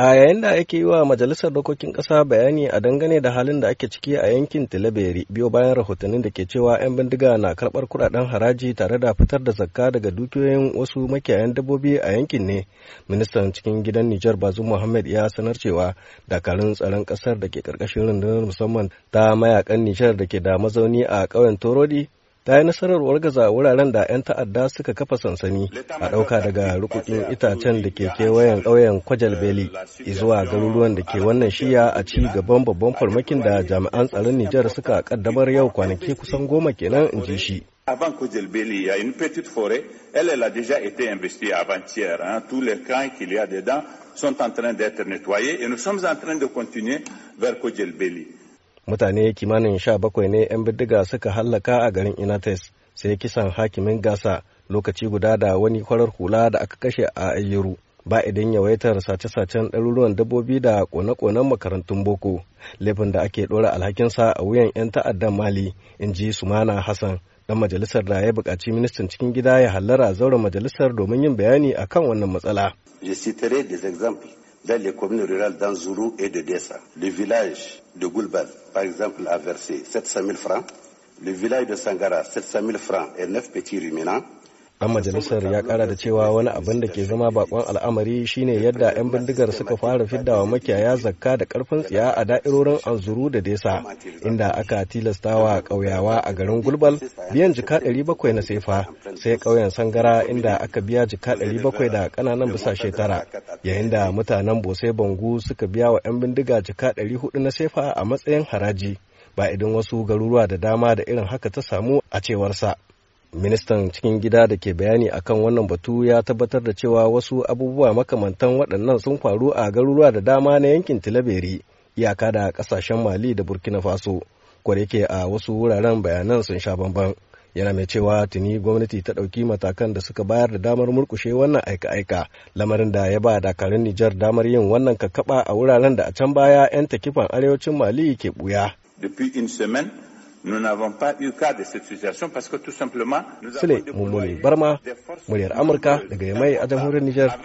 A yayin da ake yi wa Majalisar Dokokin Ƙasa bayani a dangane da halin da ake ciki a yankin Tilaberi biyo bayan rahotannin da ke cewa 'yan bindiga na karɓar kuɗaɗen haraji tare da fitar da zakka daga dukiyoyin wasu makiyayan dabbobi a yankin ne. Ministan cikin gidan Nijar Bazu Muhammad ya sanar cewa dakarun tsaron ƙasar da ke ƙarƙashin rundunar musamman ta mayakan Nijar da ke da mazauni a ƙauyen Torodi ta yi nasarar wargaza wuraren da 'yan ta'adda suka kafa sansani a ɗauka daga rukukin itacen da ke kewayen ƙauyen kwajal beli zuwa garuruwan da ke wannan shiya a ci gaban babban farmakin da jami'an tsaron nijar suka kaddamar yau kwanaki kusan goma kenan in ji shi Avant Kojel Beli, il y a une petite forêt. Elle, elle a déjà été investie avant-hier. Hein. Tous les camps qu'il y a dedans sont en train d'être nettoyés et nous sommes en train de continuer vers Kojel Beli. mutane kimanin sha bakwai ne 'yan bindiga suka hallaka a garin inates sai kisan hakimin gasa lokaci guda da wani kwarar hula da aka kashe a ayyuru ba idan yawaitar sace-sacen ɗaruruwan dabbobi da kone-konen makarantun boko laifin da ake ɗora alhakinsa a wuyan 'yan ta'addan mali in ji sumana hassan dan majalisar da ya buƙaci ministan cikin gida ya hallara zauren majalisar domin yin bayani akan wannan matsala. Je dans les communes rurales d'Anzuru et de Dessa. Le village de Goulbad, par exemple, a versé 700 000 francs. Le village de Sangara, 700 000 francs et 9 petits ruminants. Dan majalisar ya kara da cewa wani abin da ke zama bakon al'amari shine yadda 'yan bindigar suka fara fidda wa makiyaya zakka da karfin tsiya a da'irorin anzuru da desa inda aka tilasta wa ƙauyawa a garin gulbal biyan jika 700 na sefa sai ƙauyen sangara inda aka biya jika bakwai da ƙananan bisashe tara yayin da mutanen bose bangu suka biya wa 'yan bindiga jika 400 na sefa a matsayin haraji ba idan wasu garuruwa da dama da irin haka ta samu a cewarsa. ministan cikin gida da ke bayani akan wannan batu ya tabbatar da cewa wasu abubuwa makamantan waɗannan sun faru a garuruwa da dama na yankin tilaberi iyaka da ƙasashen mali da burkina faso yake a wasu wuraren bayanan sun sha bamban yana mai cewa tuni gwamnati ta ɗauki matakan da suka bayar da damar murkushe wannan aika-aika lamarin da ya ba dakarun nijar damar yin wannan kakaba a wuraren da a can baya 'yan takifan arewacin mali ke buya. Sule Mummuni Barma, muryar Amurka daga Yamai a dans Nijar.